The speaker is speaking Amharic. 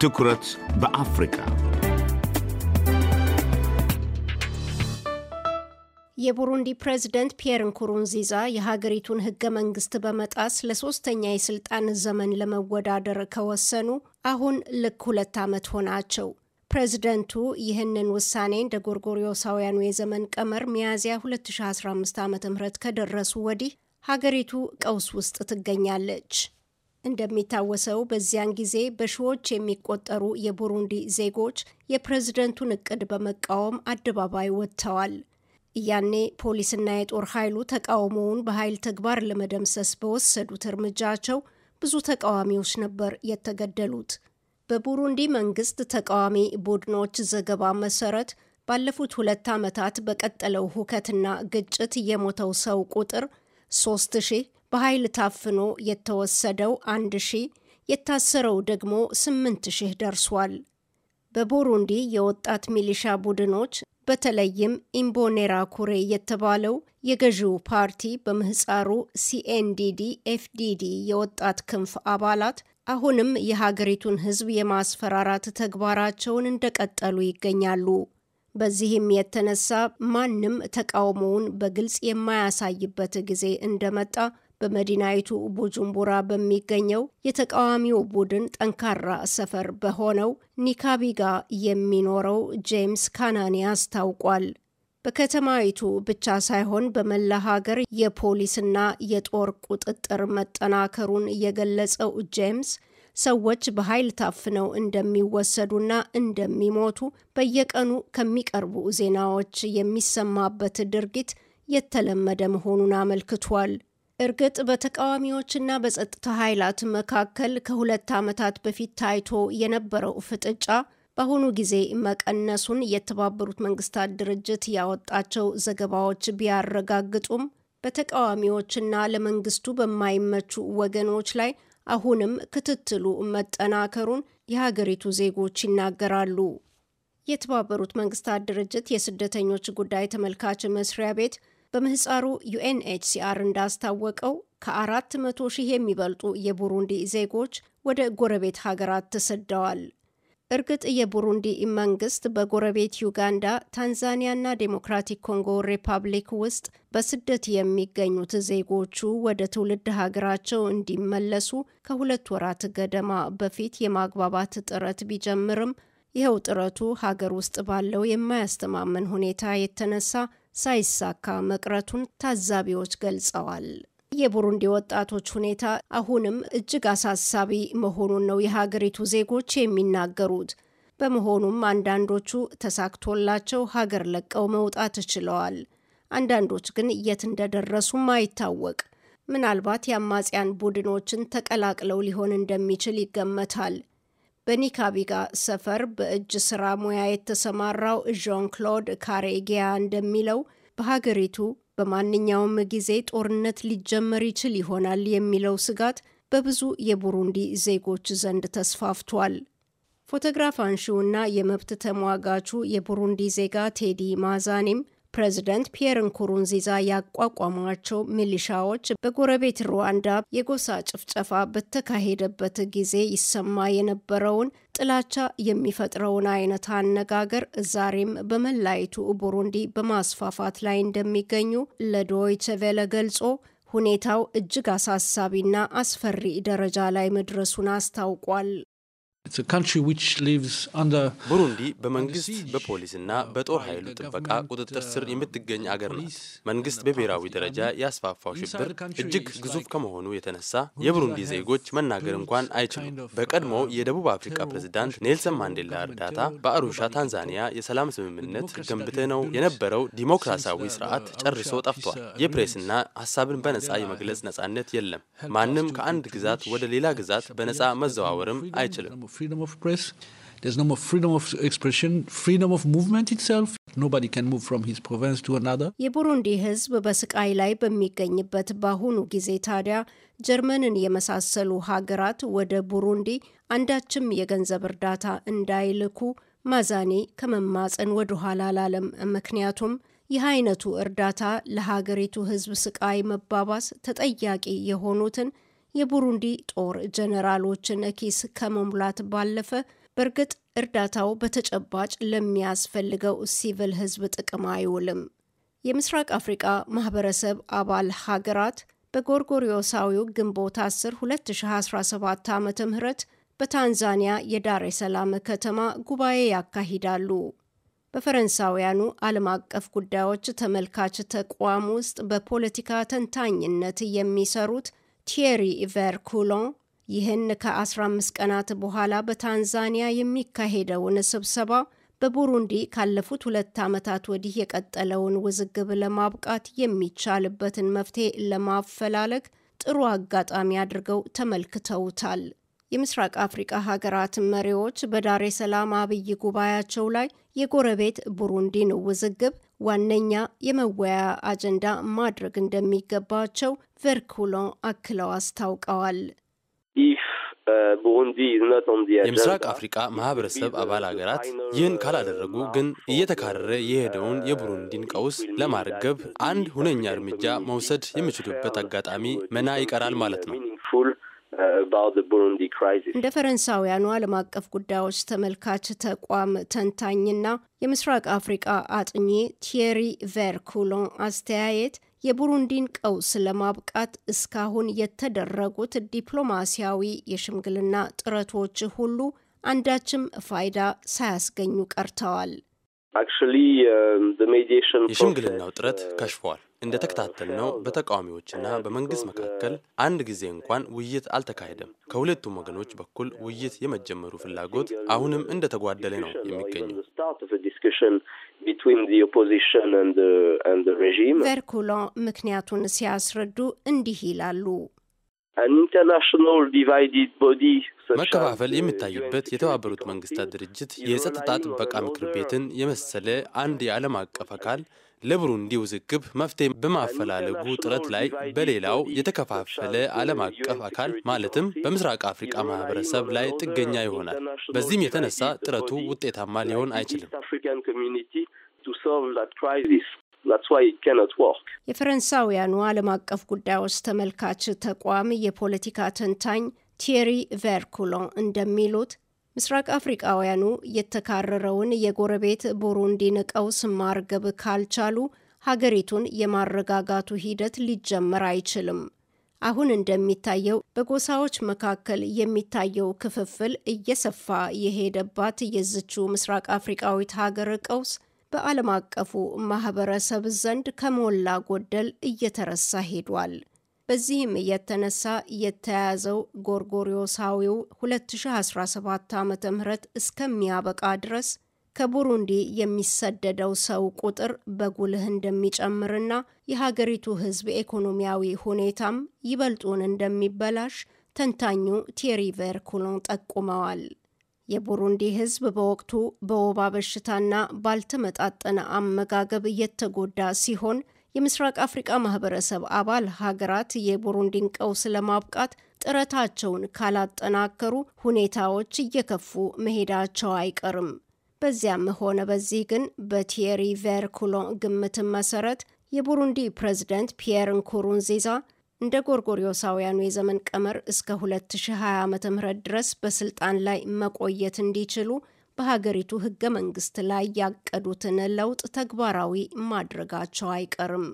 ትኩረት በአፍሪካ የቡሩንዲ ፕሬዝደንት ፒየር ንኩሩንዚዛ የሀገሪቱን ህገ መንግስት በመጣስ ለሶስተኛ የስልጣን ዘመን ለመወዳደር ከወሰኑ አሁን ልክ ሁለት ዓመት ሆናቸው። ፕሬዝደንቱ ይህንን ውሳኔ እንደ ጎርጎሪዮሳውያኑ የዘመን ቀመር ሚያዝያ 2015 ዓ ም ከደረሱ ወዲህ ሀገሪቱ ቀውስ ውስጥ ትገኛለች። እንደሚታወሰው በዚያን ጊዜ በሺዎች የሚቆጠሩ የቡሩንዲ ዜጎች የፕሬዝደንቱን እቅድ በመቃወም አደባባይ ወጥተዋል። ያኔ ፖሊስና የጦር ኃይሉ ተቃውሞውን በኃይል ተግባር ለመደምሰስ በወሰዱት እርምጃቸው ብዙ ተቃዋሚዎች ነበር የተገደሉት። በቡሩንዲ መንግስት ተቃዋሚ ቡድኖች ዘገባ መሰረት ባለፉት ሁለት ዓመታት በቀጠለው ሁከትና ግጭት የሞተው ሰው ቁጥር ሶስት ሺህ በኃይል ታፍኖ የተወሰደው አንድ ሺህ የታሰረው ደግሞ ስምንት ሺህ ደርሷል። በቡሩንዲ የወጣት ሚሊሻ ቡድኖች በተለይም ኢምቦኔራ ኩሬ የተባለው የገዢው ፓርቲ በምህፃሩ ሲኤንዲዲ ኤፍዲዲ የወጣት ክንፍ አባላት አሁንም የሀገሪቱን ሕዝብ የማስፈራራት ተግባራቸውን እንደቀጠሉ ይገኛሉ። በዚህም የተነሳ ማንም ተቃውሞውን በግልጽ የማያሳይበት ጊዜ እንደመጣ በመዲናይቱ ቡጁምቡራ በሚገኘው የተቃዋሚው ቡድን ጠንካራ ሰፈር በሆነው ኒካቢጋ የሚኖረው ጄምስ ካናኒ አስታውቋል። በከተማይቱ ብቻ ሳይሆን በመላ ሀገር የፖሊስና የጦር ቁጥጥር መጠናከሩን የገለጸው ጄምስ ሰዎች በኃይል ታፍነው እንደሚወሰዱና እንደሚሞቱ በየቀኑ ከሚቀርቡ ዜናዎች የሚሰማበት ድርጊት የተለመደ መሆኑን አመልክቷል። እርግጥ በተቃዋሚዎችና በጸጥታ ኃይላት መካከል ከሁለት ዓመታት በፊት ታይቶ የነበረው ፍጥጫ በአሁኑ ጊዜ መቀነሱን የተባበሩት መንግስታት ድርጅት ያወጣቸው ዘገባዎች ቢያረጋግጡም በተቃዋሚዎችና ለመንግስቱ በማይመቹ ወገኖች ላይ አሁንም ክትትሉ መጠናከሩን የሀገሪቱ ዜጎች ይናገራሉ። የተባበሩት መንግስታት ድርጅት የስደተኞች ጉዳይ ተመልካች መስሪያ ቤት በምህፃሩ ዩኤንኤችሲአር እንዳስታወቀው ከአራት መቶ ሺህ የሚበልጡ የቡሩንዲ ዜጎች ወደ ጎረቤት ሀገራት ተሰደዋል። እርግጥ የቡሩንዲ መንግስት በጎረቤት ዩጋንዳ፣ ታንዛኒያና ዴሞክራቲክ ኮንጎ ሪፐብሊክ ውስጥ በስደት የሚገኙት ዜጎቹ ወደ ትውልድ ሀገራቸው እንዲመለሱ ከሁለት ወራት ገደማ በፊት የማግባባት ጥረት ቢጀምርም ይኸው ጥረቱ ሀገር ውስጥ ባለው የማያስተማምን ሁኔታ የተነሳ ሳይሳካ መቅረቱን ታዛቢዎች ገልጸዋል። የቡሩንዲ ወጣቶች ሁኔታ አሁንም እጅግ አሳሳቢ መሆኑን ነው የሀገሪቱ ዜጎች የሚናገሩት። በመሆኑም አንዳንዶቹ ተሳክቶላቸው ሀገር ለቀው መውጣት ችለዋል። አንዳንዶች ግን የት እንደደረሱም አይታወቅ። ምናልባት የአማጽያን ቡድኖችን ተቀላቅለው ሊሆን እንደሚችል ይገመታል። በኒካቢጋ ሰፈር በእጅ ስራ ሙያ የተሰማራው ዣን ክሎድ ካሬጊያ እንደሚለው በሀገሪቱ በማንኛውም ጊዜ ጦርነት ሊጀመር ይችል ይሆናል የሚለው ስጋት በብዙ የቡሩንዲ ዜጎች ዘንድ ተስፋፍቷል። ፎቶግራፍ አንሺውና የመብት ተሟጋቹ የቡሩንዲ ዜጋ ቴዲ ማዛኒም ፕሬዚደንት ፒየር ንኩሩንዚዛ ያቋቋሟቸው ሚሊሻዎች በጎረቤት ሩዋንዳ የጎሳ ጭፍጨፋ በተካሄደበት ጊዜ ይሰማ የነበረውን ጥላቻ የሚፈጥረውን አይነት አነጋገር ዛሬም በመላይቱ ቡሩንዲ በማስፋፋት ላይ እንደሚገኙ ለዶይቸ ቬለ ገልጾ ሁኔታው እጅግ አሳሳቢና አስፈሪ ደረጃ ላይ መድረሱን አስታውቋል። ቡሩንዲ በመንግስት በፖሊስና በጦር ኃይሉ ጥበቃ ቁጥጥር uh, ስር የምትገኝ አገር ናት። uh, መንግስት በብሔራዊ ደረጃ ያስፋፋው ሽብር እጅግ ግዙፍ ከመሆኑ የተነሳ የቡሩንዲ ዜጎች መናገር እንኳን አይችሉም። በቀድሞ uh, የደቡብ አፍሪካ ፕሬዝዳንት ኔልሰን ማንዴላ እርዳታ በአሩሻ ታንዛኒያ የሰላም ስምምነት ነው የነበረው ዲሞክራሲያዊ ስርዓት ጨርሶ ጠፍቷል። የፕሬስና ሀሳብን በነጻ የመግለጽ ነጻነት የለም። ማንም ከአንድ ግዛት ወደ ሌላ ግዛት በነጻ መዘዋወርም አይችልም። freedom of press. There's no more freedom of expression, freedom of movement itself. Nobody can move from his province to another. የቡሩንዲ ሕዝብ በስቃይ ላይ በሚገኝበት በአሁኑ ጊዜ ታዲያ ጀርመንን የመሳሰሉ ሀገራት ወደ ቡሩንዲ አንዳችም የገንዘብ እርዳታ እንዳይልኩ ማዛኔ ከመማፀን ወደ ኋላ አላለም። ምክንያቱም ይህ አይነቱ እርዳታ ለሀገሪቱ ሕዝብ ስቃይ መባባስ ተጠያቂ የሆኑትን የቡሩንዲ ጦር ጀነራሎችን ኪስ ከመሙላት ባለፈ በእርግጥ እርዳታው በተጨባጭ ለሚያስፈልገው ሲቪል ሕዝብ ጥቅም አይውልም። የምስራቅ አፍሪቃ ማህበረሰብ አባል ሀገራት በጎርጎሪዮሳዊው ግንቦት 10 2017 ዓ ም በታንዛኒያ የዳሬ ሰላም ከተማ ጉባኤ ያካሂዳሉ። በፈረንሳውያኑ ዓለም አቀፍ ጉዳዮች ተመልካች ተቋም ውስጥ በፖለቲካ ተንታኝነት የሚሰሩት ቲየሪ ቨርኩሎን ይህን ከ15 ቀናት በኋላ በታንዛኒያ የሚካሄደውን ስብሰባ በቡሩንዲ ካለፉት ሁለት ዓመታት ወዲህ የቀጠለውን ውዝግብ ለማብቃት የሚቻልበትን መፍትሄ ለማፈላለግ ጥሩ አጋጣሚ አድርገው ተመልክተውታል። የምስራቅ አፍሪቃ ሀገራት መሪዎች በዳሬ ሰላም አብይ ጉባኤያቸው ላይ የጎረቤት ቡሩንዲን ውዝግብ ዋነኛ የመወያያ አጀንዳ ማድረግ እንደሚገባቸው ቨርኩሎን አክለው አስታውቀዋል። የምስራቅ አፍሪቃ ማህበረሰብ አባል ሀገራት ይህን ካላደረጉ ግን እየተካረረ የሄደውን የቡሩንዲን ቀውስ ለማርገብ አንድ ሁነኛ እርምጃ መውሰድ የሚችሉበት አጋጣሚ መና ይቀራል ማለት ነው። እንደ ፈረንሳውያኑ ዓለም አቀፍ ጉዳዮች ተመልካች ተቋም ተንታኝና የምስራቅ አፍሪቃ አጥኚ ቲየሪ ቨርኩሎን አስተያየት የቡሩንዲን ቀውስ ለማብቃት እስካሁን የተደረጉት ዲፕሎማሲያዊ የሽምግልና ጥረቶች ሁሉ አንዳችም ፋይዳ ሳያስገኙ ቀርተዋል። um, የሽምግልናው ጥረት uh, ከሽፏል። ነው በተቃዋሚዎችና በመንግስት መካከል አንድ ጊዜ እንኳን ውይይት አልተካሄደም። ከሁለቱም ወገኖች በኩል ውይይት የመጀመሩ ፍላጎት አሁንም እንደተጓደለ ነው የሚገኘው። ቨርኩሎ ምክንያቱን ሲያስረዱ እንዲህ ይላሉ። መከፋፈል uh, የሚታይበት የተባበሩት መንግስታት ድርጅት የጸጥታ ጥበቃ ምክር ቤትን የመሰለ አንድ የዓለም አቀፍ አካል ለብሩንዲ ውዝግብ መፍትሄ በማፈላለጉ ጥረት ላይ በሌላው የተከፋፈለ uh, ዓለም አቀፍ አካል ማለትም በምስራቅ አፍሪካ ማህበረሰብ ላይ ጥገኛ ይሆናል። በዚህም የተነሳ ጥረቱ ውጤታማ ሊሆን አይችልም። የፈረንሳውያኑ ዓለም አቀፍ ጉዳዮች ተመልካች ተቋም የፖለቲካ ተንታኝ ቲየሪ ቨርኩሎን እንደሚሉት ምስራቅ አፍሪቃውያኑ የተካረረውን የጎረቤት ቡሩንዲን ቀውስ ማርገብ ካልቻሉ ሀገሪቱን የማረጋጋቱ ሂደት ሊጀመር አይችልም። አሁን እንደሚታየው በጎሳዎች መካከል የሚታየው ክፍፍል እየሰፋ የሄደባት የዝቹ ምስራቅ አፍሪቃዊት ሀገር ቀውስ በዓለም አቀፉ ማህበረሰብ ዘንድ ከሞላ ጎደል እየተረሳ ሄዷል። በዚህም የተነሳ የተያዘው ጎርጎሪዮሳዊው 2017 ዓ ም እስከሚያበቃ ድረስ ከቡሩንዲ የሚሰደደው ሰው ቁጥር በጉልህ እንደሚጨምርና የሀገሪቱ ሕዝብ ኢኮኖሚያዊ ሁኔታም ይበልጡን እንደሚበላሽ ተንታኙ ቴሪ ቬርኩሎን ጠቁመዋል። የቡሩንዲ ህዝብ በወቅቱ በወባ በሽታና ባልተመጣጠነ አመጋገብ እየተጎዳ ሲሆን የምስራቅ አፍሪቃ ማህበረሰብ አባል ሀገራት የቡሩንዲን ቀውስ ለማብቃት ጥረታቸውን ካላጠናከሩ ሁኔታዎች እየከፉ መሄዳቸው አይቀርም። በዚያም ሆነ በዚህ ግን በቲየሪ ቬርኩሎን ግምትን መሰረት የቡሩንዲ ፕሬዝደንት ፒየር ንኩሩንዚዛ እንደ ጎርጎሪዮሳውያኑ የዘመን ቀመር እስከ 2020 ዓ ም ድረስ በስልጣን ላይ መቆየት እንዲችሉ በሀገሪቱ ህገ መንግስት ላይ ያቀዱትን ለውጥ ተግባራዊ ማድረጋቸው አይቀርም።